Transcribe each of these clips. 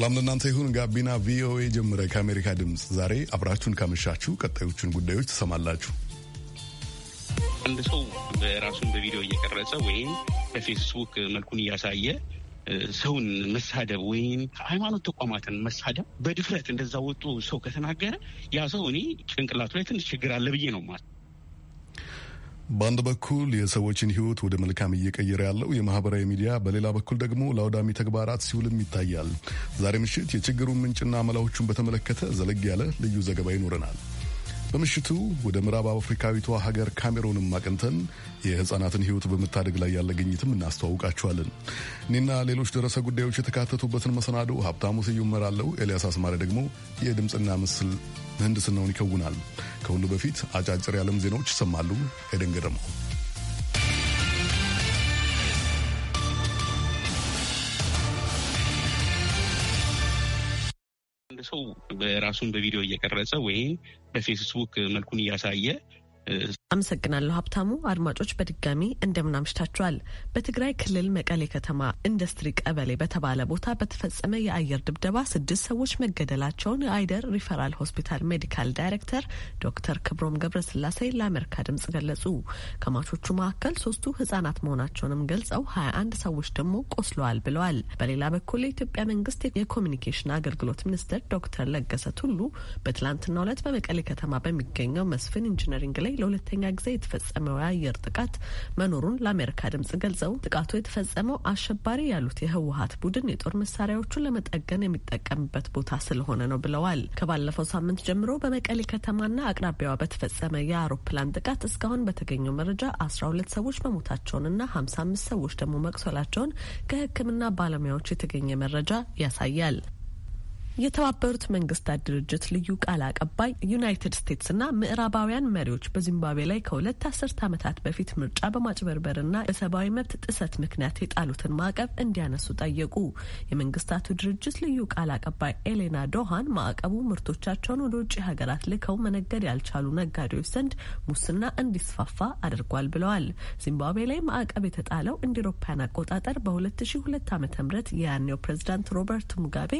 ሰላም ለእናንተ ይሁን። ጋቢና ቪኦኤ ጀምረ ከአሜሪካ ድምፅ ዛሬ አብራችሁን ካመሻችሁ ቀጣዮቹን ጉዳዮች ትሰማላችሁ። አንድ ሰው በራሱን በቪዲዮ እየቀረጸ ወይም በፌስቡክ መልኩን እያሳየ ሰውን መሳደብ ወይም ሃይማኖት ተቋማትን መሳደብ በድፍረት እንደዛ ወጡ ሰው ከተናገረ ያ ሰው እኔ ጭንቅላቱ ላይ ትንሽ ችግር አለ ብዬ ነው ማለት በአንድ በኩል የሰዎችን ህይወት ወደ መልካም እየቀየረ ያለው የማህበራዊ ሚዲያ፣ በሌላ በኩል ደግሞ ለአውዳሚ ተግባራት ሲውልም ይታያል። ዛሬ ምሽት የችግሩን ምንጭና መላዎቹን በተመለከተ ዘለግ ያለ ልዩ ዘገባ ይኖረናል። በምሽቱ ወደ ምዕራብ አፍሪካዊቷ ሀገር ካሜሮንም አቅንተን የህፃናትን ህይወት በመታደግ ላይ ያለ ግኝትም እናስተዋውቃችኋለን። እኔና ሌሎች ደረሰ ጉዳዮች የተካተቱበትን መሰናዶ ሀብታሙ ስዩም እመራለሁ። ኤልያስ አስማሪ ደግሞ የድምፅና ምስል ምህንድስናውን ይከውናል። ከሁሉ በፊት አጫጭር የዓለም ዜናዎች ይሰማሉ። ኤደን ገረመው ሰው ራሱን በቪዲዮ እየቀረጸ ወይም በፌስቡክ መልኩን እያሳየ አመሰግናለሁ ሀብታሙ። አድማጮች በድጋሚ እንደምናምሽታችኋል። በትግራይ ክልል መቀሌ ከተማ ኢንዱስትሪ ቀበሌ በተባለ ቦታ በተፈጸመ የአየር ድብደባ ስድስት ሰዎች መገደላቸውን የአይደር ሪፈራል ሆስፒታል ሜዲካል ዳይሬክተር ዶክተር ክብሮም ገብረስላሴ ለአሜሪካ ድምጽ ገለጹ። ከሟቾቹ መካከል ሶስቱ ህጻናት መሆናቸውንም ገልጸው ሀያ አንድ ሰዎች ደግሞ ቆስለዋል ብለዋል። በሌላ በኩል የኢትዮጵያ መንግስት የኮሚኒኬሽን አገልግሎት ሚኒስትር ዶክተር ለገሰ ቱሉ በትላንትናው ዕለት በመቀሌ ከተማ በሚገኘው መስፍን ኢንጂነሪንግ ላይ ለሁለተኛ ለሁለተኛ ጊዜ የተፈጸመው የአየር ጥቃት መኖሩን ለአሜሪካ ድምጽ ገልጸው ጥቃቱ የተፈጸመው አሸባሪ ያሉት የህወሀት ቡድን የጦር መሳሪያዎቹን ለመጠገን የሚጠቀምበት ቦታ ስለሆነ ነው ብለዋል። ከባለፈው ሳምንት ጀምሮ በመቀሌ ከተማና አቅራቢያዋ በተፈጸመ የአውሮፕላን ጥቃት እስካሁን በተገኘው መረጃ አስራ ሁለት ሰዎች መሞታቸውንና ሀምሳ አምስት ሰዎች ደግሞ መቁሰላቸውን ከህክምና ባለሙያዎች የተገኘ መረጃ ያሳያል። የተባበሩት መንግስታት ድርጅት ልዩ ቃል አቀባይ ዩናይትድ ስቴትስና ምዕራባውያን መሪዎች በዚምባብዌ ላይ ከሁለት አስርት ዓመታት በፊት ምርጫ በማጭበርበርና በሰብአዊ መብት ጥሰት ምክንያት የጣሉትን ማዕቀብ እንዲያነሱ ጠየቁ። የመንግስታቱ ድርጅት ልዩ ቃል አቀባይ ኤሌና ዶሃን ማዕቀቡ ምርቶቻቸውን ወደ ውጭ ሀገራት ልከው መነገድ ያልቻሉ ነጋዴዎች ዘንድ ሙስና እንዲስፋፋ አድርጓል ብለዋል። ዚምባብዌ ላይ ማዕቀብ የተጣለው እንደ አውሮፓውያን አቆጣጠር በ2002 ዓ.ም የያኔው ፕሬዚዳንት ሮበርት ሙጋቤ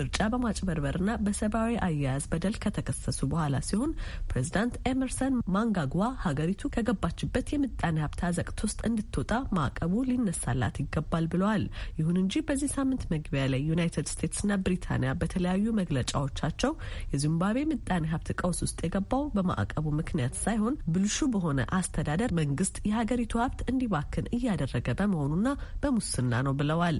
ምርጫ በማ በማጭበርበርና በሰብአዊ አያያዝ በደል ከተከሰሱ በኋላ ሲሆን ፕሬዚዳንት ኤመርሰን ማንጋጓ ሀገሪቱ ከገባችበት የምጣኔ ሀብት አዘቅት ውስጥ እንድትወጣ ማዕቀቡ ሊነሳላት ይገባል ብለዋል። ይሁን እንጂ በዚህ ሳምንት መግቢያ ላይ ዩናይትድ ስቴትስና ብሪታንያ በተለያዩ መግለጫዎቻቸው የዚምባብዌ ምጣኔ ሀብት ቀውስ ውስጥ የገባው በማዕቀቡ ምክንያት ሳይሆን ብልሹ በሆነ አስተዳደር መንግስት የሀገሪቱ ሀብት እንዲባክን እያደረገ በመሆኑና በሙስና ነው ብለዋል።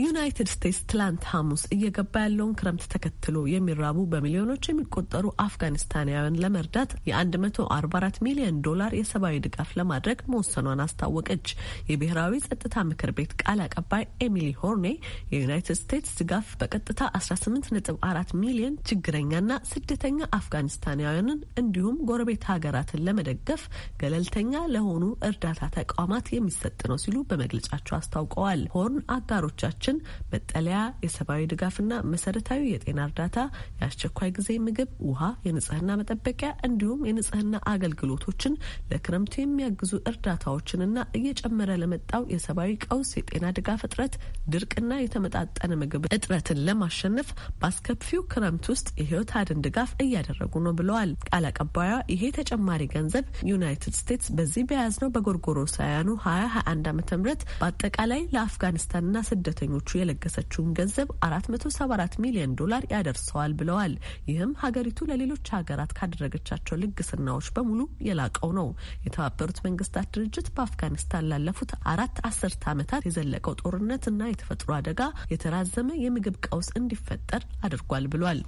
ዩናይትድ ስቴትስ ትላንት ሐሙስ እየገባ ያለውን ክረምት ተከትሎ የሚራቡ በሚሊዮኖች የሚቆጠሩ አፍጋኒስታናውያን ለመርዳት የ144 ሚሊዮን ዶላር የሰብአዊ ድጋፍ ለማድረግ መወሰኗን አስታወቀች። የብሔራዊ ጸጥታ ምክር ቤት ቃል አቀባይ ኤሚሊ ሆርኔ የዩናይትድ ስቴትስ ድጋፍ በቀጥታ 18.4 ሚሊዮን ችግረኛና ስደተኛ አፍጋኒስታናውያንን እንዲሁም ጎረቤት ሀገራትን ለመደገፍ ገለልተኛ ለሆኑ እርዳታ ተቋማት የሚሰጥ ነው ሲሉ በመግለጫቸው አስታውቀዋል። ሆርን አጋሮቻቸው ድርጅቶችን መጠለያ፣ የሰብአዊ ድጋፍና መሰረታዊ የጤና እርዳታ፣ የአስቸኳይ ጊዜ ምግብ፣ ውሃ፣ የንጽህና መጠበቂያ እንዲሁም የንጽህና አገልግሎቶችን ለክረምቱ የሚያግዙ እርዳታዎችንና እየጨመረ ለመጣው የሰብአዊ ቀውስ የጤና ድጋፍ እጥረት፣ ድርቅና የተመጣጠነ ምግብ እጥረትን ለማሸነፍ በአስከፊው ክረምት ውስጥ የህይወት አድን ድጋፍ እያደረጉ ነው ብለዋል። ቃል አቀባዩ ይሄ ተጨማሪ ገንዘብ ዩናይትድ ስቴትስ በዚህ በያዝነው በጎርጎሮሳውያኑ 2021 ዓ ም በአጠቃላይ ለአፍጋኒስታንና ስደተኞች ለስደተኞቹ የለገሰችውን ገንዘብ 474 ሚሊዮን ዶላር ያደርሰዋል ብለዋል። ይህም ሀገሪቱ ለሌሎች ሀገራት ካደረገቻቸው ልግስናዎች በሙሉ የላቀው ነው። የተባበሩት መንግስታት ድርጅት በአፍጋኒስታን ላለፉት አራት አስርተ ዓመታት የዘለቀው ጦርነትና የተፈጥሮ አደጋ የተራዘመ የምግብ ቀውስ እንዲፈጠር አድርጓል ብሏል።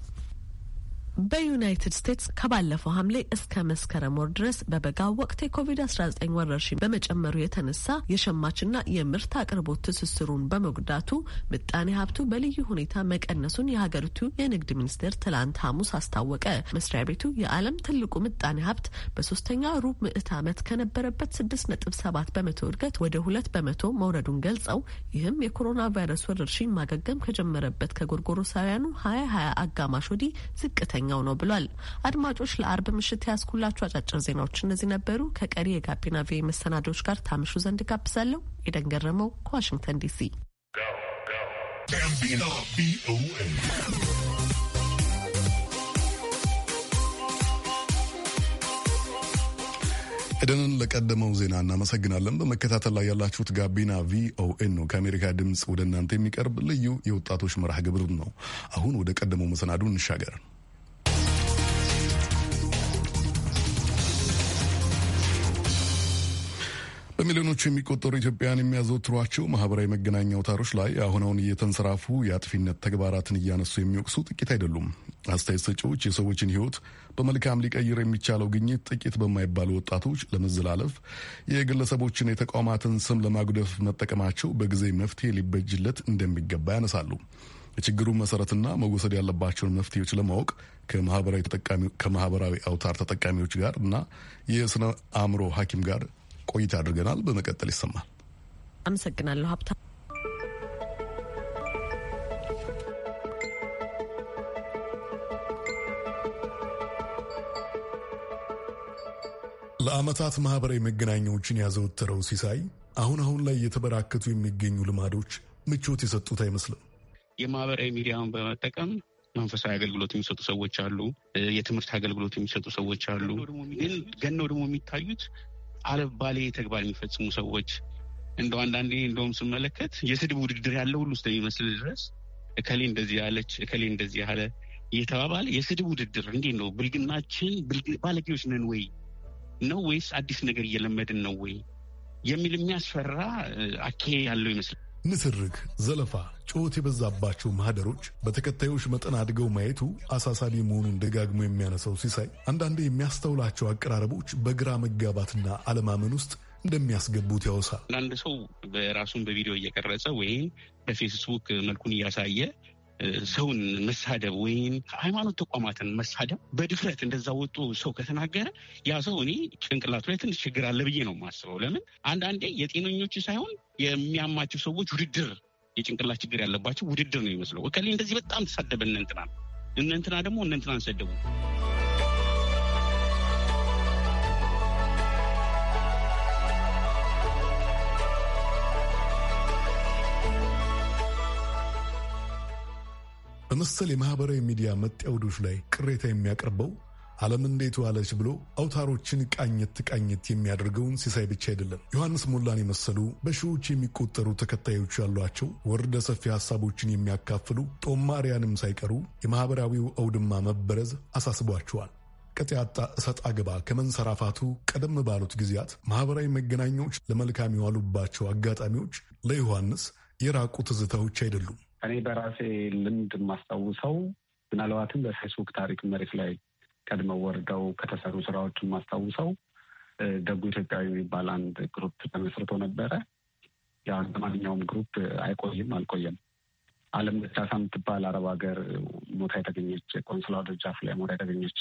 በዩናይትድ ስቴትስ ከባለፈው ሐምሌ እስከ መስከረም ወር ድረስ በበጋ ወቅት የኮቪድ-19 ወረርሽኝ በመጨመሩ የተነሳ የሸማችና የምርት አቅርቦት ትስስሩን በመጉዳቱ ምጣኔ ሀብቱ በልዩ ሁኔታ መቀነሱን የሀገሪቱ የንግድ ሚኒስቴር ትላንት ሐሙስ አስታወቀ። መስሪያ ቤቱ የዓለም ትልቁ ምጣኔ ሀብት በሶስተኛ ሩብ ምዕት ዓመት ከነበረበት ስድስት ነጥብ ሰባት በመቶ እድገት ወደ ሁለት በመቶ መውረዱን ገልጸው ይህም የኮሮና ቫይረስ ወረርሽኝ ማገገም ከጀመረበት ከጎርጎሮሳውያኑ ሀያ ሀያ አጋማሽ ወዲህ ዝቅተኛ አንደኛው ነው ብሏል። አድማጮች ለአርብ ምሽት ያስኩላችሁ አጫጭር ዜናዎች እነዚህ ነበሩ። ከቀሪ የጋቢና ቪ መሰናዶዎች ጋር ታምሹ ዘንድ ጋብዛለሁ። ኤደን ገረመው ከዋሽንግተን ዲሲ ኤደንን ለቀደመው ዜና እናመሰግናለን። በመከታተል ላይ ያላችሁት ጋቢና ቪኦኤን ነው፣ ከአሜሪካ ድምፅ ወደ እናንተ የሚቀርብ ልዩ የወጣቶች መርሃ ግብር ነው። አሁን ወደ ቀደመው መሰናዱ እንሻገር። በሚሊዮኖች የሚቆጠሩ ኢትዮጵያን የሚያዘወትሯቸው ማህበራዊ መገናኛ አውታሮች ላይ አሁነውን እየተንሰራፉ የአጥፊነት ተግባራትን እያነሱ የሚወቅሱ ጥቂት አይደሉም። አስተያየት ሰጪዎች የሰዎችን ሕይወት በመልካም ሊቀይር የሚቻለው ግኝት ጥቂት በማይባሉ ወጣቶች ለመዘላለፍ የግለሰቦችን የተቋማትን ስም ለማጉደፍ መጠቀማቸው በጊዜ መፍትሄ ሊበጅለት እንደሚገባ ያነሳሉ። የችግሩ መሰረትና መወሰድ ያለባቸውን መፍትሄዎች ለማወቅ ከማህበራዊ አውታር ተጠቃሚዎች ጋር እና የስነ አእምሮ ሐኪም ጋር ቆይታ አድርገናል። በመቀጠል ይሰማል። አመሰግናለሁ ሀብታ ለአመታት ማኅበራዊ መገናኛዎችን ያዘወተረው ሲሳይ አሁን አሁን ላይ እየተበራከቱ የሚገኙ ልማዶች ምቾት የሰጡት አይመስልም። የማህበራዊ ሚዲያውን በመጠቀም መንፈሳዊ አገልግሎት የሚሰጡ ሰዎች አሉ። የትምህርት አገልግሎት የሚሰጡ ሰዎች አሉ። ግን ገነው ደግሞ የሚታዩት አለባሌ ተግባር የሚፈጽሙ ሰዎች እንደው አንዳንዴ እንደውም ስመለከት የስድብ ውድድር ያለ ሁሉ እስከሚመስል ድረስ እከሌ እንደዚህ ያለች እከሌ እንደዚህ ያለ እየተባባለ የስድብ ውድድር እንዴት ነው? ብልግናችን ባለጌዎች ነን ወይ ነው ወይስ አዲስ ነገር እየለመድን ነው ወይ የሚል የሚያስፈራ አኬ ያለው ይመስላል። ንትርክ፣ ዘለፋ፣ ጩኸት የበዛባቸው ማህደሮች በተከታዮች መጠን አድገው ማየቱ አሳሳቢ መሆኑን ደጋግሞ የሚያነሳው ሲሳይ አንዳንዴ የሚያስተውላቸው አቀራረቦች በግራ መጋባትና አለማመን ውስጥ እንደሚያስገቡት ያወሳል። አንድ ሰው በራሱን በቪዲዮ እየቀረጸ ወይም በፌስቡክ መልኩን እያሳየ ሰውን መሳደብ ወይም ሃይማኖት ተቋማትን መሳደብ በድፍረት እንደዛ ወጡ ሰው ከተናገረ ያ ሰው እኔ ጭንቅላቱ ላይ ትንሽ ችግር አለ ብዬ ነው የማስበው። ለምን አንዳንዴ የጤነኞች ሳይሆን የሚያማቸው ሰዎች ውድድር፣ የጭንቅላት ችግር ያለባቸው ውድድር ነው ይመስለው። እከሌ እንደዚህ በጣም ተሳደበ እነ እንትና እነ እንትና ደግሞ እነ እንትናን ሰደቡ። በመሰል የማህበራዊ ሚዲያ መጠውዶች ላይ ቅሬታ የሚያቀርበው ዓለም እንዴት ዋለች ብሎ አውታሮችን ቃኘት ቃኘት የሚያደርገውን ሲሳይ ብቻ አይደለም። ዮሐንስ ሞላን የመሰሉ በሺዎች የሚቆጠሩ ተከታዮች ያሏቸው ወርደ ሰፊ ሀሳቦችን የሚያካፍሉ ጦማሪያንም ሳይቀሩ የማኅበራዊው አውድማ መበረዝ አሳስቧቸዋል። ቀጥ ያጣ እሰጥ አገባ ከመንሰራፋቱ ቀደም ባሉት ጊዜያት ማኅበራዊ መገናኛዎች ለመልካም የዋሉባቸው አጋጣሚዎች ለዮሐንስ የራቁ ትዝታዎች አይደሉም። እኔ በራሴ ልምድ የማስታውሰው ምናልባትም በፌስቡክ ታሪክ መሬት ላይ ቀድመው ወርደው ከተሰሩ ስራዎች የማስታውሰው ደጉ ኢትዮጵያዊ የሚባል አንድ ግሩፕ ተመስርቶ ነበረ። ያው ማንኛውም ግሩፕ አይቆይም አልቆየም። አለም ደቻሳ የምትባል አረብ ሀገር ሞታ የተገኘች ቆንስላ ደጃፍ ላይ ሞታ የተገኘች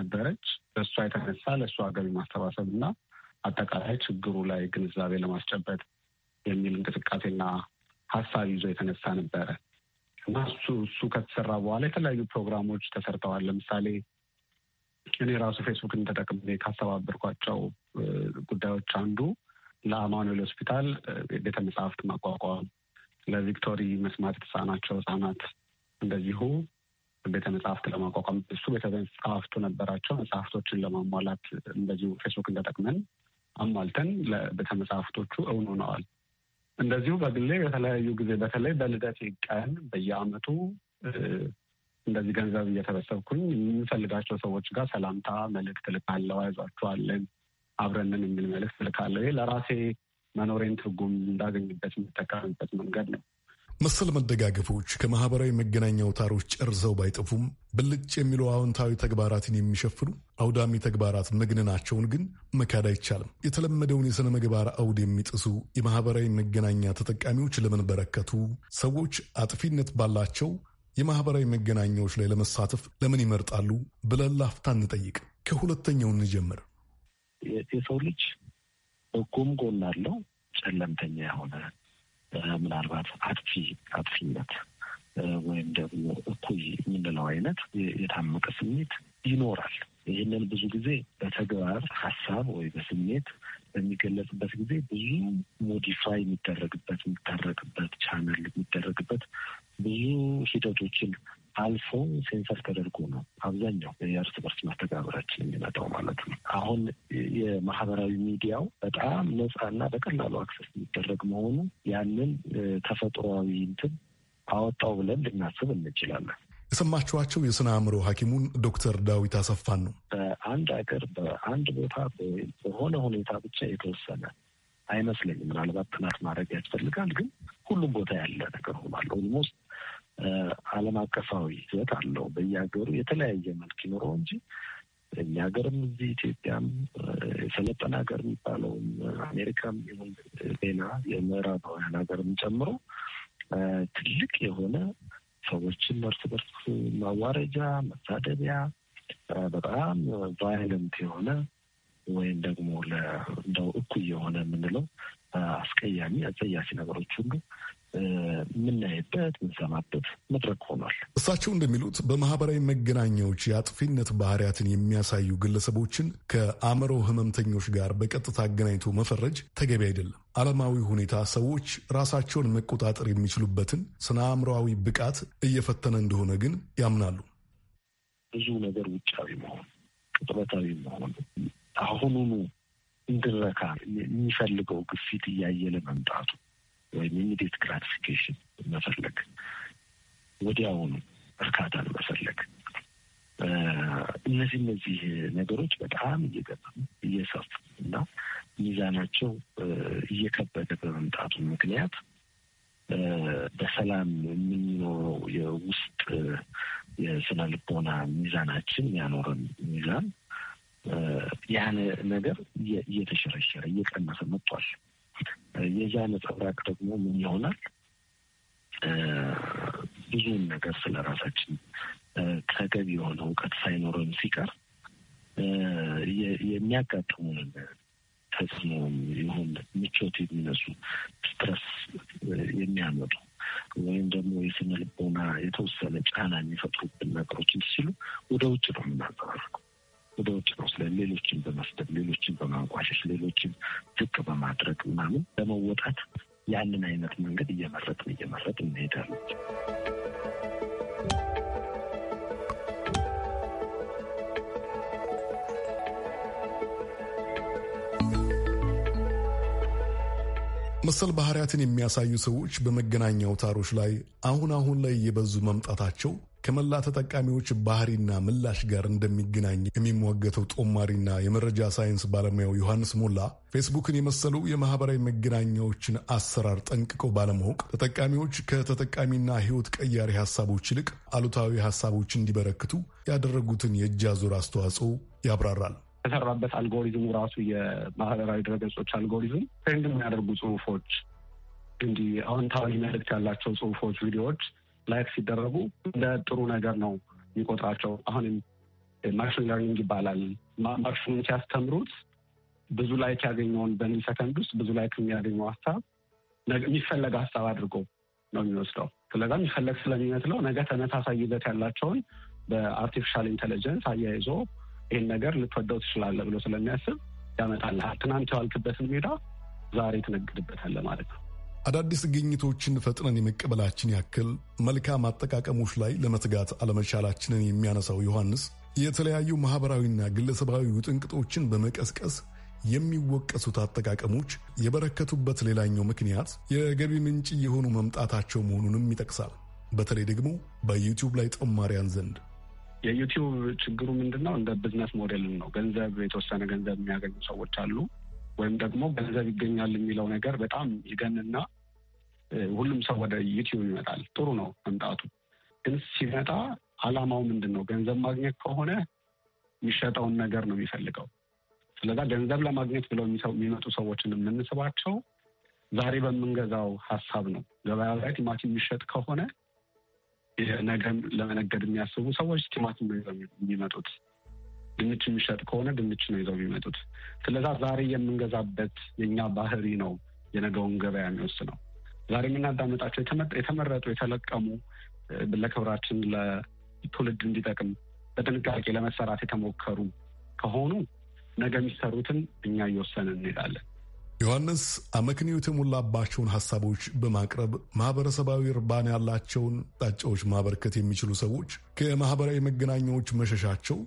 ነበረች። በእሷ የተነሳ ለእሷ ገቢ ማሰባሰብ እና አጠቃላይ ችግሩ ላይ ግንዛቤ ለማስጨበጥ የሚል እንቅስቃሴና ሀሳብ ይዞ የተነሳ ነበረ እና እሱ እሱ ከተሰራ በኋላ የተለያዩ ፕሮግራሞች ተሰርተዋል። ለምሳሌ እኔ ራሱ ፌስቡክን ተጠቅሜ ካስተባበርኳቸው ጉዳዮች አንዱ ለአማኑኤል ሆስፒታል ቤተ መጽሐፍት ማቋቋም፣ ለቪክቶሪ መስማት የተሳናቸው ህጻናት እንደዚሁ ቤተ መጽሐፍት ለማቋቋም እሱ ቤተ መጽሐፍቱ ነበራቸው። መጽሐፍቶችን ለማሟላት እንደዚሁ ፌስቡክን ተጠቅመን አሟልተን ለቤተ መጽሐፍቶቹ እውን ሆነዋል። እንደዚሁ በግሌ በተለያዩ ጊዜ በተለይ በልደቴ ቀን በየአመቱ እንደዚህ ገንዘብ እየተበሰብኩኝ የምንፈልጋቸው ሰዎች ጋር ሰላምታ መልእክት ልካለው፣ አይዟችኋለን፣ አብረንን የሚል መልእክት ልካለው። ይሄ ለራሴ መኖሬን ትርጉም እንዳገኝበት የምጠቀምበት መንገድ ነው። መሰል መደጋገፎች ከማህበራዊ መገናኛ አውታሮች ጨርሰው ባይጠፉም ብልጭ የሚለው አዎንታዊ ተግባራትን የሚሸፍኑ አውዳሚ ተግባራት መግነናቸውን ግን መካድ አይቻልም። የተለመደውን የሥነ ምግባር አውድ የሚጥሱ የማህበራዊ መገናኛ ተጠቃሚዎች ለምን በረከቱ? ሰዎች አጥፊነት ባላቸው የማህበራዊ መገናኛዎች ላይ ለመሳተፍ ለምን ይመርጣሉ ብለን ላፍታ እንጠይቅ። ከሁለተኛው እንጀምር። የሰው ልጅ በጎም ጎን አለው ጨለምተኛ የሆነ ምናልባት አጥፊ አጥፊነት ወይም ደግሞ እኩይ የምንለው አይነት የታመቀ ስሜት ይኖራል። ይህንን ብዙ ጊዜ በተግባር ሀሳብ ወይ በስሜት በሚገለጽበት ጊዜ ብዙ ሞዲፋይ የሚደረግበት የሚታረቅበት ቻነል የሚደረግበት ብዙ ሂደቶችን አልፎ ሴንሰር ተደርጎ ነው አብዛኛው የእርስ በርስ መስተጋብራችን የሚመጣው ማለት ነው። አሁን የማህበራዊ ሚዲያው በጣም ነፃና በቀላሉ አክሰስ የሚደረግ መሆኑ ያንን ተፈጥሯዊ እንትን አወጣው ብለን ልናስብ እንችላለን። የሰማችኋቸው የስነ አእምሮ ሐኪሙን ዶክተር ዳዊት አሰፋን ነው። በአንድ አገር በአንድ ቦታ በሆነ ሁኔታ ብቻ የተወሰነ አይመስለኝም። ምናልባት ጥናት ማድረግ ያስፈልጋል። ግን ሁሉም ቦታ ያለ ነገር ሆኗል ኦልሞስት ዓለም አቀፋዊ ይዘት አለው። በየሀገሩ የተለያየ መልክ ይኖረው እንጂ እኛ ሀገርም እዚህ ኢትዮጵያም የሰለጠነ ሀገር የሚባለውም አሜሪካም ይሁን ሌላ የምዕራባውያን ሀገርም ጨምሮ ትልቅ የሆነ ሰዎችን እርስ በርስ ማዋረጃ፣ መሳደቢያ በጣም ቫይለንት የሆነ ወይም ደግሞ እንደው እኩይ የሆነ የምንለው አስቀያሚ አጸያፊ ነገሮች ሁሉ የምናይበት የምንሰማበት መድረክ ሆኗል። እሳቸው እንደሚሉት በማህበራዊ መገናኛዎች የአጥፊነት ባህሪያትን የሚያሳዩ ግለሰቦችን ከአእምሮ ህመምተኞች ጋር በቀጥታ አገናኝቶ መፈረጅ ተገቢ አይደለም። ዓለማዊ ሁኔታ ሰዎች ራሳቸውን መቆጣጠር የሚችሉበትን ስነ አእምሮዊ ብቃት እየፈተነ እንደሆነ ግን ያምናሉ። ብዙ ነገር ውጫዊ መሆን፣ ቅጥበታዊ መሆን አሁኑኑ እንድረካ የሚፈልገው ግፊት እያየለ መምጣቱ ወይም ኢሚዲየት ግራቲፊኬሽን መፈለግ፣ ወዲያውኑ እርካታን መፈለግ እነዚህ እነዚህ ነገሮች በጣም እየገቡ እየሰፉ እና ሚዛናቸው እየከበደ በመምጣቱ ምክንያት በሰላም የምንኖረው የውስጥ የስነ ልቦና ሚዛናችን ያኖረን ሚዛን ያን ነገር እየተሸረሸረ እየቀነሰ መጥቷል። የዛ ነጸብራቅ ደግሞ ምን ይሆናል? ብዙውን ነገር ስለ ራሳችን ተገቢ የሆነ እውቀት ሳይኖረን ሲቀር የሚያጋጥሙንን ተጽዕኖም ይሁን ምቾት የሚነሱ ስትረስ የሚያመጡ ወይም ደግሞ የስነ ልቦና የተወሰነ ጫና የሚፈጥሩብን ነገሮችን ሲሉ ወደ ውጭ ነው የምናንጸባርቀው። ወደ ውጭ ነው ስለ ሌሎችን በመስደብ ሌሎችን በማንቋሸሽ ሌሎችን ዝቅ በማድረግ ምናምን ለመወጣት ያንን አይነት መንገድ እየመረጥን እየመረጥ እንሄዳለን። መሰል ባህሪያትን የሚያሳዩ ሰዎች በመገናኛ አውታሮች ላይ አሁን አሁን ላይ የበዙ መምጣታቸው ከመላ ተጠቃሚዎች ባህሪና ምላሽ ጋር እንደሚገናኝ የሚሟገተው ጦማሪና የመረጃ ሳይንስ ባለሙያው ዮሐንስ ሞላ ፌስቡክን የመሰሉ የማህበራዊ መገናኛዎችን አሰራር ጠንቅቀው ባለማወቅ ተጠቃሚዎች ከተጠቃሚና ሕይወት ቀያሪ ሀሳቦች ይልቅ አሉታዊ ሀሳቦች እንዲበረክቱ ያደረጉትን የእጅ አዙር አስተዋጽኦ ያብራራል። የተሰራበት አልጎሪዝሙ ራሱ የማህበራዊ ድረገጾች አልጎሪዝም ትሬንድ የሚያደርጉ ጽሁፎች እንዲህ አዎንታዊ መልዕክት ያላቸው ጽሁፎች፣ ቪዲዮዎች ላይክ ሲደረጉ እንደ ጥሩ ነገር ነው የሚቆጥራቸው። አሁንም ማሽን ለርኒንግ ይባላል። ማሽኑን ሲያስተምሩት ብዙ ላይክ ያገኘውን በሚል ሰከንድ ውስጥ ብዙ ላይክ የሚያገኘው ሀሳብ የሚፈለግ ሀሳብ አድርጎ ነው የሚወስደው። ስለዛ የሚፈለግ ስለሚመስለው ነገ ተመሳሳይ ይዘት ያላቸውን በአርቲፊሻል ኢንቴሊጀንስ አያይዞ ይህን ነገር ልትወደው ትችላለህ ብሎ ስለሚያስብ ያመጣልሃል። ትናንት የዋልክበትን ሜዳ ዛሬ ትነግድበታለህ ማለት ነው። አዳዲስ ግኝቶችን ፈጥነን የመቀበላችን ያክል መልካም አጠቃቀሞች ላይ ለመትጋት አለመቻላችንን የሚያነሳው ዮሐንስ የተለያዩ ማኅበራዊና ግለሰባዊ ውጥንቅጦችን በመቀስቀስ የሚወቀሱት አጠቃቀሞች የበረከቱበት ሌላኛው ምክንያት የገቢ ምንጭ የሆኑ መምጣታቸው መሆኑንም ይጠቅሳል። በተለይ ደግሞ በዩቲዩብ ላይ ጦማሪያን ዘንድ የዩቲዩብ ችግሩ ምንድን ነው? እንደ ቢዝነስ ሞዴልን ነው። ገንዘብ የተወሰነ ገንዘብ የሚያገኙ ሰዎች አሉ። ወይም ደግሞ ገንዘብ ይገኛል የሚለው ነገር በጣም ይገንና ሁሉም ሰው ወደ ዩቲዩብ ይመጣል። ጥሩ ነው መምጣቱ። ግን ሲመጣ አላማው ምንድን ነው? ገንዘብ ማግኘት ከሆነ የሚሸጠውን ነገር ነው የሚፈልገው። ስለዛ ገንዘብ ለማግኘት ብለው የሚመጡ ሰዎችን የምንስባቸው ዛሬ በምንገዛው ሀሳብ ነው። ገበያ ላይ ቲማቲም የሚሸጥ ከሆነ ነገም ለመነገድ የሚያስቡ ሰዎች ቲማቲም የሚመጡት። ድንች የሚሸጥ ከሆነ ድንች ነው ይዘው የሚመጡት። ስለዛ ዛሬ የምንገዛበት የእኛ ባህሪ ነው የነገውን ገበያ የሚወስነው። ዛሬ የምናዳመጣቸው የተመረጡ የተለቀሙ ለክብራችን ለትውልድ እንዲጠቅም በጥንቃቄ ለመሰራት የተሞከሩ ከሆኑ ነገ የሚሰሩትን እኛ እየወሰንን እንሄዳለን። ዮሐንስ አመክንዮ የተሞላባቸውን ሀሳቦች በማቅረብ ማህበረሰባዊ እርባን ያላቸውን ጣጫዎች ማበርከት የሚችሉ ሰዎች ከማህበራዊ መገናኛዎች መሸሻቸው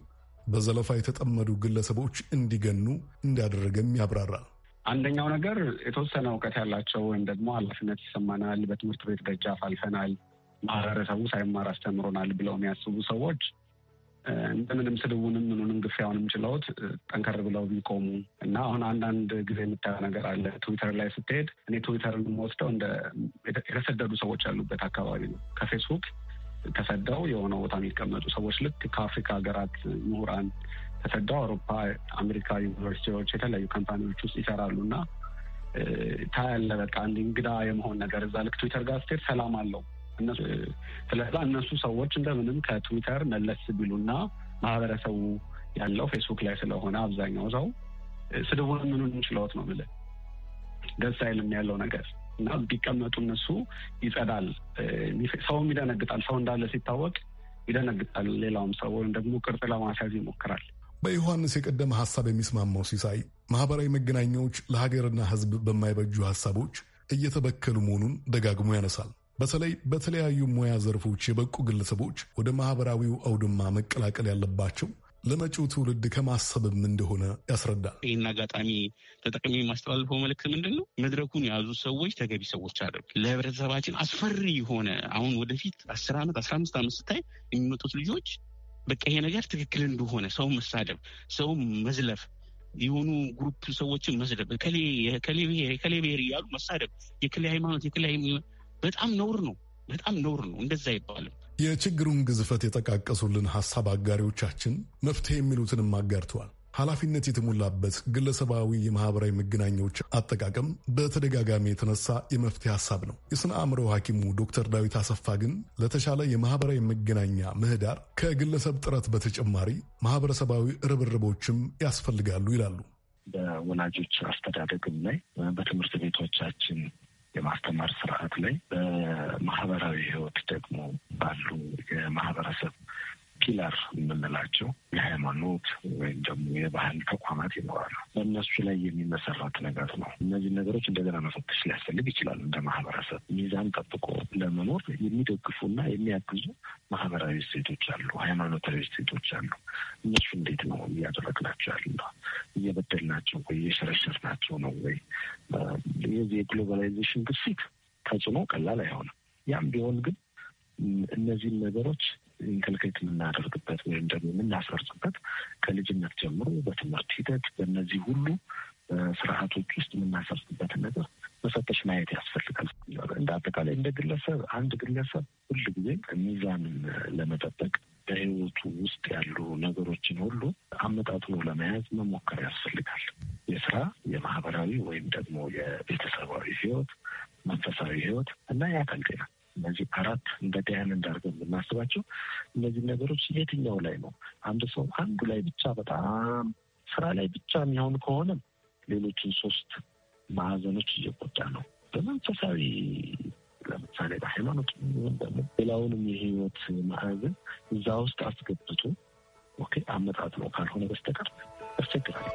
በዘለፋ የተጠመዱ ግለሰቦች እንዲገኑ እንዳደረገም ያብራራል። አንደኛው ነገር የተወሰነ እውቀት ያላቸው ወይም ደግሞ ኃላፊነት ይሰማናል፣ በትምህርት ቤት ደጃፍ አልፈናል፣ ማህበረሰቡ ሳይማር አስተምሮናል ብለው የሚያስቡ ሰዎች እንደምንም ስድቡንም ምኑንም ግፊያውንም ችለውት ጠንከር ብለው ቢቆሙ እና አሁን አንዳንድ ጊዜ የምታየው ነገር አለ። ትዊተር ላይ ስትሄድ እኔ ትዊተርን የምወስደው እንደ የተሰደዱ ሰዎች ያሉበት አካባቢ ነው። ከፌስቡክ ተሰደው የሆነ ቦታ የሚቀመጡ ሰዎች ልክ ከአፍሪካ ሀገራት ምሁራን ተሰደው አውሮፓ፣ አሜሪካ ዩኒቨርሲቲዎች፣ የተለያዩ ካምፓኒዎች ውስጥ ይሰራሉ እና ታያለ በቃ አንድ እንግዳ የመሆን ነገር እዛ ልክ ትዊተር ጋር ስትሄድ ሰላም አለው። ስለዛ እነሱ ሰዎች እንደምንም ከትዊተር መለስ ቢሉና ማህበረሰቡ ያለው ፌስቡክ ላይ ስለሆነ አብዛኛው ሰው ስድቡን ምኑን እንችለውት ነው የምልህ ደስ አይልም ያለው ነገር እና ቢቀመጡ እነሱ ይጸዳል። ሰውም ይደነግጣል። ሰው እንዳለ ሲታወቅ ይደነግጣል። ሌላውም ሰው ወይም ደግሞ ቅርጽ ለማስያዝ ይሞክራል። በዮሐንስ የቀደመ ሀሳብ የሚስማማው ሲሳይ ማህበራዊ መገናኛዎች ለሀገርና ሕዝብ በማይበጁ ሀሳቦች እየተበከሉ መሆኑን ደጋግሞ ያነሳል። በተለይ በተለያዩ ሙያ ዘርፎች የበቁ ግለሰቦች ወደ ማህበራዊው አውድማ መቀላቀል ያለባቸው ለመጪው ትውልድ ከማሰብም እንደሆነ ያስረዳል። ይህን አጋጣሚ ተጠቅሜ የማስተላልፈው መልእክት ምንድን ነው? መድረኩን የያዙ ሰዎች ተገቢ ሰዎች አይደሉም። ለህብረተሰባችን አስፈሪ የሆነ አሁን ወደፊት አስር ዓመት አስራ አምስት ዓመት ስታይ የሚመጡት ልጆች በቃ ይሄ ነገር ትክክል እንደሆነ ሰው መሳደብ፣ ሰው መዝለፍ፣ የሆኑ ግሩፕ ሰዎችን መስደብ፣ ከሌ ብሔር እያሉ መሳደብ፣ የክሌ ሃይማኖት፣ የክሌ በጣም ነውር ነው። በጣም ነውር ነው። እንደዛ አይባልም። የችግሩን ግዝፈት የጠቃቀሱልን ሐሳብ አጋሪዎቻችን መፍትሄ የሚሉትንም አጋርተዋል። ኃላፊነት የተሞላበት ግለሰባዊ የማህበራዊ መገናኛዎች አጠቃቀም በተደጋጋሚ የተነሳ የመፍትሄ ሀሳብ ነው። የሥነ አእምሮ ሐኪሙ ዶክተር ዳዊት አሰፋ ግን ለተሻለ የማህበራዊ መገናኛ ምህዳር ከግለሰብ ጥረት በተጨማሪ ማህበረሰባዊ ርብርቦችም ያስፈልጋሉ ይላሉ። በወላጆች አስተዳደግም ላይ በትምህርት ቤቶቻችን የማስተማር ስርዓት ላይ በማህበራዊ ህይወት ደግሞ ባሉ የማህበረሰብ ፒላር የምንላቸው የሃይማኖት ወይም ደግሞ የባህል ተቋማት ይኖራሉ። በእነሱ ላይ የሚመሰራት ነገር ነው። እነዚህ ነገሮች እንደገና መፈተሽ ሊያስፈልግ ይችላል። እንደ ማህበረሰብ ሚዛን ጠብቆ ለመኖር የሚደግፉና የሚያግዙ ማህበራዊ እሴቶች አሉ፣ ሃይማኖታዊ እሴቶች አሉ። እነሱ እንዴት ነው እያደረግናቸው ያሉ ነው? እየበደልናቸው ወይ እየሸረሸርናቸው ነው ወይ? የዚህ የግሎባላይዜሽን ግፊት ተጽዕኖ ቀላል አይሆንም። ያም ቢሆን ግን እነዚህን ነገሮች ኢንከልኬት የምናደርግበት ወይም ደግሞ የምናሰርጽበት ከልጅነት ጀምሮ በትምህርት ሂደት በእነዚህ ሁሉ ስርዓቶች ውስጥ የምናሰርጽበትን ነገር መፈተሽ ማየት ያስፈልጋል። እንደ አጠቃላይ እንደ ግለሰብ አንድ ግለሰብ ሁል ጊዜ ሚዛንን ለመጠበቅ በህይወቱ ውስጥ ያሉ ነገሮችን ሁሉ አመጣጥኖ ለመያዝ መሞከር ያስፈልጋል። የስራ የማህበራዊ ወይም ደግሞ የቤተሰባዊ ህይወት፣ መንፈሳዊ ህይወት እና የአካል ጤና እነዚህ አራት እንደ ዳያን እንዳርገን የምናስባቸው እነዚህ ነገሮች የትኛው ላይ ነው? አንድ ሰው አንዱ ላይ ብቻ በጣም ስራ ላይ ብቻ የሚሆን ከሆነም ሌሎችን ሶስት ማዕዘኖች እየጎዳ ነው። በመንፈሳዊ ለምሳሌ በሃይማኖት ደግሞ ሌላውንም የህይወት ማዕዘን እዛ ውስጥ አስገብቶ ኦኬ አመጣት ነው ካልሆነ በስተቀር ያስቸግራል።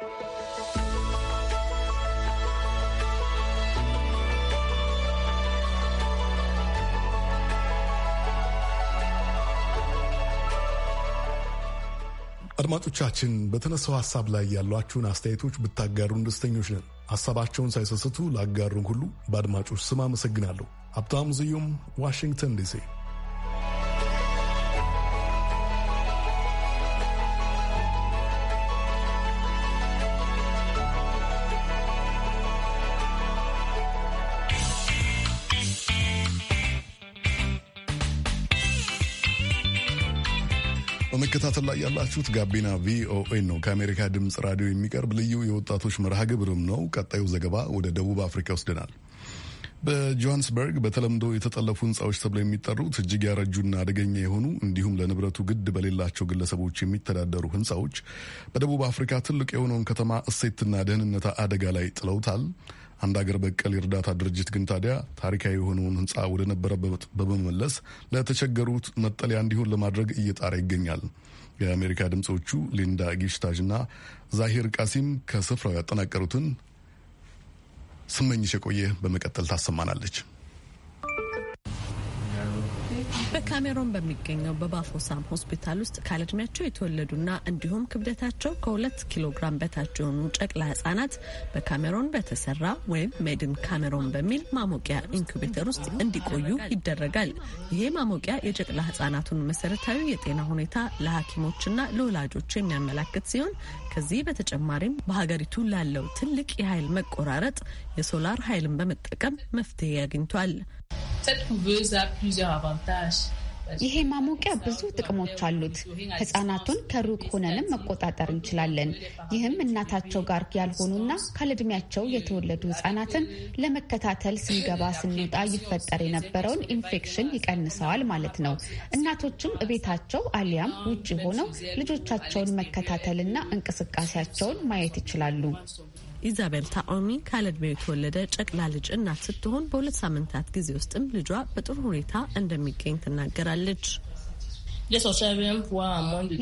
አድማጮቻችን በተነሳው ሀሳብ ላይ ያሏችሁን አስተያየቶች ብታጋሩን ደስተኞች ነን። ሀሳባቸውን ሳይሰስቱ ላጋሩን ሁሉ በአድማጮች ስም አመሰግናለሁ። ሀብታሙ ስዩም ዋሽንግተን ዲሲ በመከታተል ላይ ያላችሁት ጋቢና ቪኦኤ ነው። ከአሜሪካ ድምፅ ራዲዮ የሚቀርብ ልዩ የወጣቶች መርሃ ግብርም ነው። ቀጣዩ ዘገባ ወደ ደቡብ አፍሪካ ይወስደናል። በጆሃንስበርግ በተለምዶ የተጠለፉ ህንፃዎች ተብለው የሚጠሩት እጅግ ያረጁና አደገኛ የሆኑ እንዲሁም ለንብረቱ ግድ በሌላቸው ግለሰቦች የሚተዳደሩ ህንፃዎች በደቡብ አፍሪካ ትልቅ የሆነውን ከተማ እሴትና ደህንነት አደጋ ላይ ጥለውታል። አንድ አገር በቀል የእርዳታ ድርጅት ግን ታዲያ ታሪካዊ የሆነውን ህንፃ ወደ ነበረበት በመመለስ ለተቸገሩት መጠለያ እንዲሆን ለማድረግ እየጣረ ይገኛል። የአሜሪካ ድምፆቹ ሊንዳ እና ዛሂር ቃሲም ከስፍራው ያጠናቀሩትን ስመኝሽ የቆየ በመቀጠል ታሰማናለች። በካሜሮን በሚገኘው በባፎሳም ሆስፒታል ውስጥ ካለእድሜያቸው የተወለዱና እንዲሁም ክብደታቸው ከሁለት ኪሎ ግራም በታች የሆኑ ጨቅላ ህጻናት በካሜሮን በተሰራ ወይም ሜድን ካሜሮን በሚል ማሞቂያ ኢንኩቤተር ውስጥ እንዲቆዩ ይደረጋል። ይሄ ማሞቂያ የጨቅላ ህጻናቱን መሰረታዊ የጤና ሁኔታ ለሐኪሞችና ለወላጆች የሚያመላክት ሲሆን ከዚህ በተጨማሪም በሀገሪቱ ላለው ትልቅ የኃይል መቆራረጥ የሶላር ኃይልን በመጠቀም መፍትሄ አግኝቷል። ይሄ ማሞቂያ ብዙ ጥቅሞች አሉት። ህጻናቱን ከሩቅ ሆነንም መቆጣጠር እንችላለን። ይህም እናታቸው ጋር ያልሆኑና ካለዕድሜያቸው የተወለዱ ህጻናትን ለመከታተል ስንገባ ስንወጣ ይፈጠር የነበረውን ኢንፌክሽን ይቀንሰዋል ማለት ነው። እናቶችም እቤታቸው አሊያም ውጭ ሆነው ልጆቻቸውን መከታተልና እንቅስቃሴያቸውን ማየት ይችላሉ። ኢዛቤል ታኦሚ ካለዕድሜው የተወለደ ጨቅላ ልጅ እናት ስትሆን በሁለት ሳምንታት ጊዜ ውስጥም ልጇ በጥሩ ሁኔታ እንደሚገኝ ትናገራለች።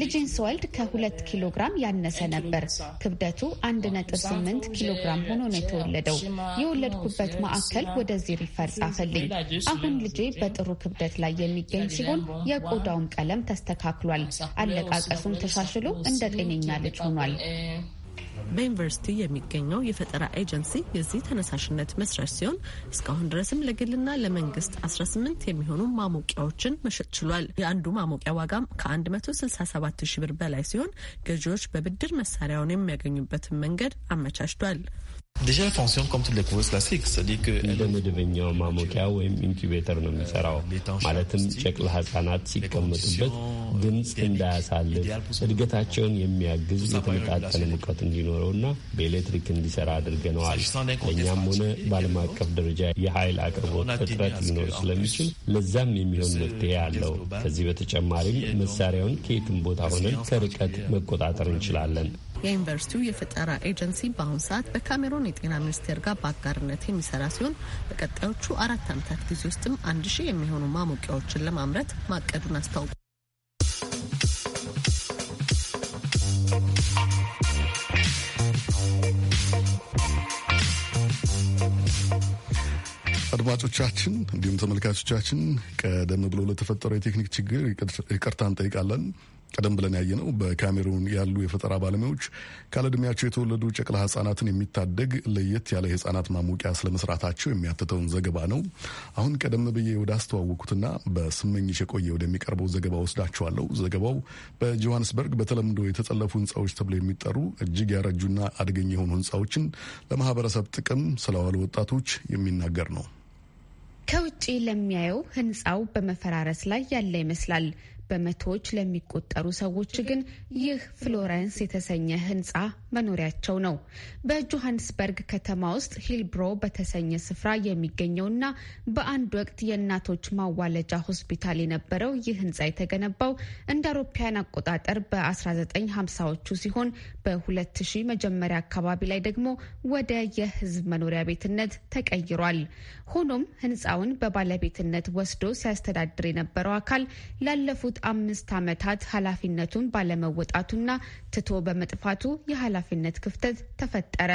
ልጅን ስወልድ ከሁለት ኪሎ ግራም ያነሰ ነበር። ክብደቱ አንድ ነጥብ ስምንት ኪሎ ግራም ሆኖ ነው የተወለደው። የወለድኩበት ማዕከል ወደዚህ ሪፈር ጻፈልኝ። አሁን ልጄ በጥሩ ክብደት ላይ የሚገኝ ሲሆን የቆዳውን ቀለም ተስተካክሏል። አለቃቀሱም ተሻሽሎ እንደ ጤነኛ ልጅ ሆኗል። በዩኒቨርሲቲ የሚገኘው የፈጠራ ኤጀንሲ የዚህ ተነሳሽነት መስራች ሲሆን እስካሁን ድረስም ለግልና ለመንግስት 18 የሚሆኑ ማሞቂያዎችን መሸጥ ችሏል። የአንዱ ማሞቂያ ዋጋም ከ167 ሺ ብር በላይ ሲሆን ገዢዎች በብድር መሳሪያውን የሚያገኙበትን መንገድ አመቻችቷል። déjà fonctionne comme toutes les couveuse classiques cest እንደ መደበኛው ማሞቂያ ወይም ኢንኩቤተር ነው የሚሰራው። ማለትም ጨቅላ ህጻናት ሲቀመጡበት ድምፅ እንዳያሳልፍ እድገታቸውን የሚያግዝ የተመጣጠነ ሙቀት እንዲኖረውና በኤሌክትሪክ እንዲሰራ አድርገነዋል። ለእኛም ሆነ በዓለም አቀፍ ደረጃ የኃይል አቅርቦት እጥረት ሊኖር ስለሚችል ለዛም የሚሆን መፍትሄ አለው። ከዚህ በተጨማሪም መሳሪያውን ከየትም ቦታ ሆነን ከርቀት መቆጣጠር እንችላለን። የዩኒቨርሲቲው የፈጠራ ኤጀንሲ በአሁኑ ሰዓት በካሜሮን የጤና ሚኒስቴር ጋር በአጋርነት የሚሰራ ሲሆን በቀጣዮቹ አራት ዓመታት ጊዜ ውስጥም አንድ ሺህ የሚሆኑ ማሞቂያዎችን ለማምረት ማቀዱን አስታውቋል። አድማጮቻችን እንዲሁም ተመልካቾቻችን ቀደም ብሎ ለተፈጠረው የቴክኒክ ችግር ይቅርታ እንጠይቃለን። ቀደም ብለን ያየነው በካሜሩን ያሉ የፈጠራ ባለሙያዎች ካለዕድሜያቸው የተወለዱ ጨቅላ ህጻናትን የሚታደግ ለየት ያለ የህጻናት ማሞቂያ ስለመስራታቸው የሚያትተውን ዘገባ ነው። አሁን ቀደም ብዬ ወደ አስተዋወቁትና በስመኝሽ የቆየ ወደሚቀርበው ዘገባ ወስዳችኋለሁ። ዘገባው በጆሃንስበርግ በተለምዶ የተጠለፉ ህንፃዎች ተብለው የሚጠሩ እጅግ ያረጁና አደገኛ የሆኑ ህንፃዎችን ለማህበረሰብ ጥቅም ስለዋሉ ወጣቶች የሚናገር ነው። ከውጭ ለሚያየው ህንፃው በመፈራረስ ላይ ያለ ይመስላል። በመቶዎች ለሚቆጠሩ ሰዎች ግን ይህ ፍሎረንስ የተሰኘ ህንፃ መኖሪያቸው ነው። በጆሃንስበርግ ከተማ ውስጥ ሂልብሮ በተሰኘ ስፍራ የሚገኘውና በአንድ ወቅት የእናቶች ማዋለጃ ሆስፒታል የነበረው ይህ ህንፃ የተገነባው እንደ አውሮፓውያን አቆጣጠር በ1950ዎቹ ሲሆን በ2000 መጀመሪያ አካባቢ ላይ ደግሞ ወደ የህዝብ መኖሪያ ቤትነት ተቀይሯል። ሆኖም ህንፃውን በባለቤትነት ወስዶ ሲያስተዳድር የነበረው አካል ላለፉት አምስት ዓመታት ኃላፊነቱን ባለመወጣቱና ትቶ በመጥፋቱ የኃላ የኃላፊነት ክፍተት ተፈጠረ።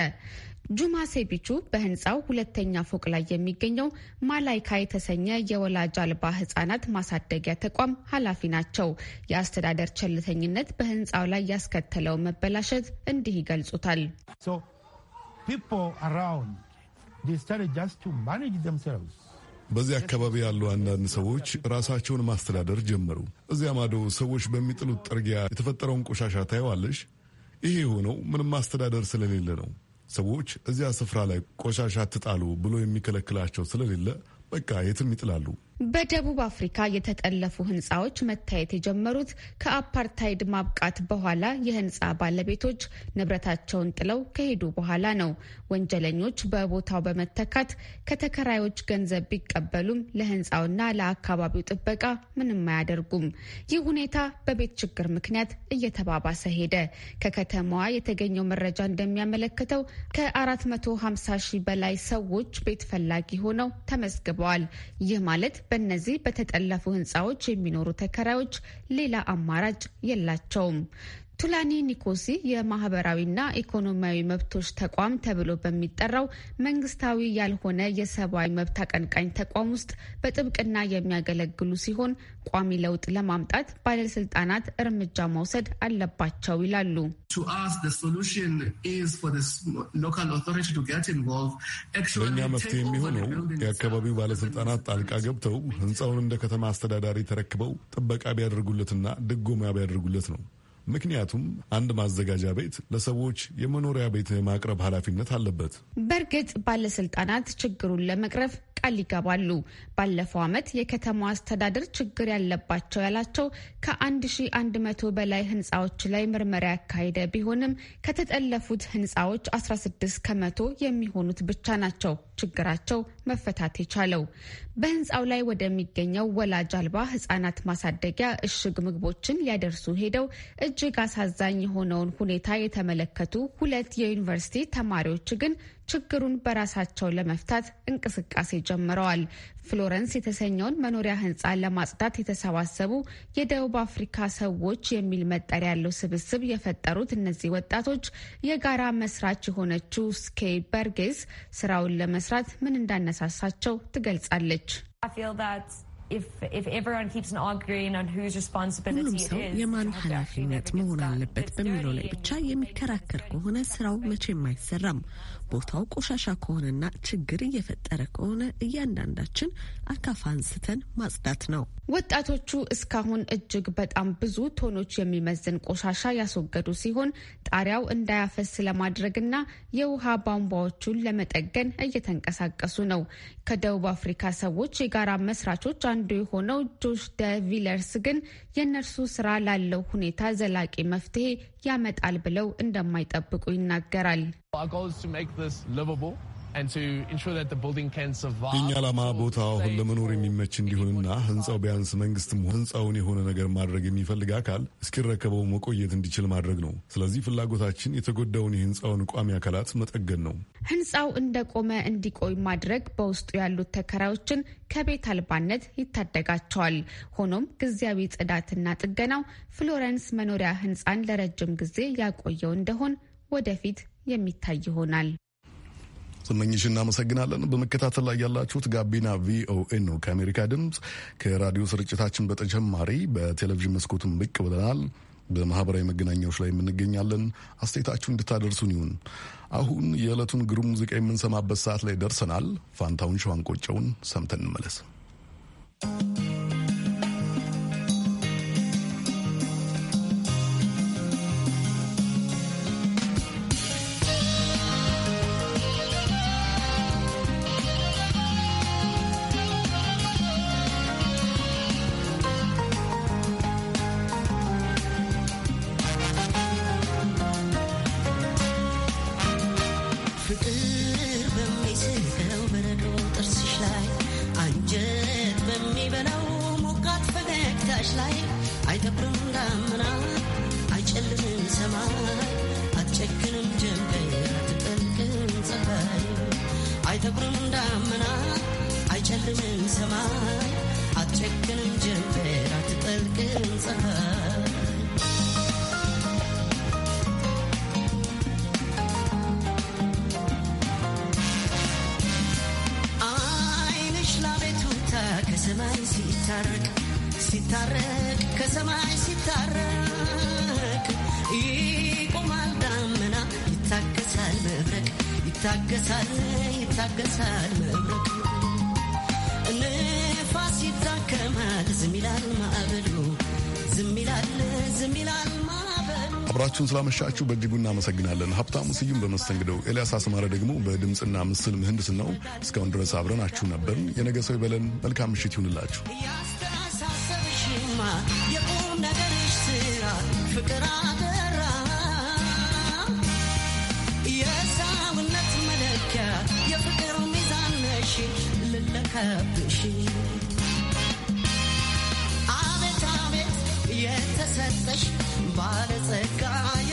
ጁማ ሴቢቹ በህንፃው ሁለተኛ ፎቅ ላይ የሚገኘው ማላይካ የተሰኘ የወላጅ አልባ ህጻናት ማሳደጊያ ተቋም ኃላፊ ናቸው። የአስተዳደር ቸልተኝነት በህንፃው ላይ ያስከተለው መበላሸት እንዲህ ይገልጹታል። በዚህ አካባቢ ያሉ አንዳንድ ሰዎች ራሳቸውን ማስተዳደር ጀመሩ። እዚያ ማዶ ሰዎች በሚጥሉት ጥርጊያ የተፈጠረውን ቆሻሻ ታየዋለሽ። ይሄ የሆነው ምንም ማስተዳደር ስለሌለ ነው። ሰዎች እዚያ ስፍራ ላይ ቆሻሻ አትጣሉ ብሎ የሚከለክላቸው ስለሌለ በቃ የትም ይጥላሉ። በደቡብ አፍሪካ የተጠለፉ ህንፃዎች መታየት የጀመሩት ከአፓርታይድ ማብቃት በኋላ የህንፃ ባለቤቶች ንብረታቸውን ጥለው ከሄዱ በኋላ ነው። ወንጀለኞች በቦታው በመተካት ከተከራዮች ገንዘብ ቢቀበሉም ለህንፃውና ለአካባቢው ጥበቃ ምንም አያደርጉም። ይህ ሁኔታ በቤት ችግር ምክንያት እየተባባሰ ሄደ። ከከተማዋ የተገኘው መረጃ እንደሚያመለክተው ከ450 ሺህ በላይ ሰዎች ቤት ፈላጊ ሆነው ተመዝግበዋል። ይህ ማለት በእነዚህ በተጠለፉ ህንፃዎች የሚኖሩ ተከራዮች ሌላ አማራጭ የላቸውም። ቱላኒ ኒኮሲ የማህበራዊና ኢኮኖሚያዊ መብቶች ተቋም ተብሎ በሚጠራው መንግስታዊ ያልሆነ የሰብአዊ መብት አቀንቃኝ ተቋም ውስጥ በጥብቅና የሚያገለግሉ ሲሆን ቋሚ ለውጥ ለማምጣት ባለስልጣናት እርምጃ መውሰድ አለባቸው ይላሉ። ለእኛ መፍትሄ የሚሆነው የአካባቢው ባለስልጣናት ጣልቃ ገብተው ህንፃውን እንደ ከተማ አስተዳዳሪ ተረክበው ጥበቃ ቢያደርጉለትና ድጎማ ቢያደርጉለት ነው። ምክንያቱም አንድ ማዘጋጃ ቤት ለሰዎች የመኖሪያ ቤት የማቅረብ ኃላፊነት አለበት። በእርግጥ ባለስልጣናት ችግሩን ለመቅረፍ ቃል ይገባሉ። ባለፈው ዓመት የከተማ አስተዳደር ችግር ያለባቸው ያላቸው ከ1100 በላይ ህንፃዎች ላይ ምርመራ ያካሄደ ቢሆንም ከተጠለፉት ህንፃዎች 16 ከመቶ የሚሆኑት ብቻ ናቸው ችግራቸው መፈታት የቻለው በህንፃው ላይ ወደሚገኘው ወላጅ አልባ ህጻናት ማሳደጊያ እሽግ ምግቦችን ሊያደርሱ ሄደው እጅግ አሳዛኝ የሆነውን ሁኔታ የተመለከቱ ሁለት የዩኒቨርሲቲ ተማሪዎች ግን ችግሩን በራሳቸው ለመፍታት እንቅስቃሴ ጀምረዋል። ፍሎረንስ የተሰኘውን መኖሪያ ህንፃ ለማጽዳት የተሰባሰቡ የደቡብ አፍሪካ ሰዎች የሚል መጠሪያ ያለው ስብስብ የፈጠሩት እነዚህ ወጣቶች የጋራ መስራች የሆነችው ስኬ በርጌዝ ስራውን ለመስራት ምን እንዳነሳሳቸው ትገልጻለች። ሁሉም ሰው የማን ኃላፊነት መሆን አለበት በሚለው ላይ ብቻ የሚከራከር ከሆነ ስራው መቼም አይሰራም። ቦታው ቆሻሻ ከሆነና ችግር እየፈጠረ ከሆነ እያንዳንዳችን አካፋ አንስተን ማጽዳት ነው። ወጣቶቹ እስካሁን እጅግ በጣም ብዙ ቶኖች የሚመዝን ቆሻሻ ያስወገዱ ሲሆን ጣሪያው እንዳያፈስ ለማድረግና የውሃ ቧንቧዎቹን ለመጠገን እየተንቀሳቀሱ ነው። ከደቡብ አፍሪካ ሰዎች የጋራ መስራቾች አንዱ የሆነው ጆሽ ደ ቪለርስ ግን የእነርሱ ስራ ላለው ሁኔታ ዘላቂ መፍትሄ ያመጣል ብለው እንደማይጠብቁ ይናገራል። የእኛ ዓላማ ቦታው ለመኖር የሚመች እንዲሆንና ህንፃው ቢያንስ መንግስትም ህንፃውን የሆነ ነገር ማድረግ የሚፈልግ አካል እስኪረከበው መቆየት እንዲችል ማድረግ ነው። ስለዚህ ፍላጎታችን የተጎዳውን የህንፃውን ቋሚ አካላት መጠገን ነው። ህንፃው እንደቆመ እንዲቆይ ማድረግ በውስጡ ያሉት ተከራዮችን ከቤት አልባነት ይታደጋቸዋል። ሆኖም ጊዜያዊ ጽዳትና ጥገናው ፍሎረንስ መኖሪያ ህንፃን ለረጅም ጊዜ ያቆየው እንደሆን ወደፊት የሚታይ ይሆናል። ስመኝሽ፣ እናመሰግናለን። በመከታተል ላይ ያላችሁት ጋቢና ቪኦኤ ነው ከአሜሪካ ድምፅ። ከራዲዮ ስርጭታችን በተጨማሪ በቴሌቪዥን መስኮትም ብቅ ብለናል። በማህበራዊ መገናኛዎች ላይ የምንገኛለን። አስተያየታችሁ እንድታደርሱን ይሁን። አሁን የዕለቱን ግሩም ሙዚቃ የምንሰማበት ሰዓት ላይ ደርሰናል። ፋንታውን ሸዋንቆጨውን ሰምተን እንመለስ። ይታገሳል ይታገሳል መብረቁ ንፋስ ይታከማል ዝም ይላል ማዕበሉ ዝም ይላል ዝም ይላል አብራችሁን ስላመሻችሁ በእጅጉ እናመሰግናለን። ሀብታሙ ስዩም በመስተንግደው፣ ኤልያስ አስማረ ደግሞ በድምፅና ምስል ምህንድስና ነው። እስካሁን ድረስ አብረናችሁ ነበር የነገ ሰው ይበለን። መልካም ምሽት ይሁንላችሁ። የቁም ነገርሽ ስራ ፍቅር አደራ ሲከብሽ አመት አመት የተሰጠሽ ባለጸጋ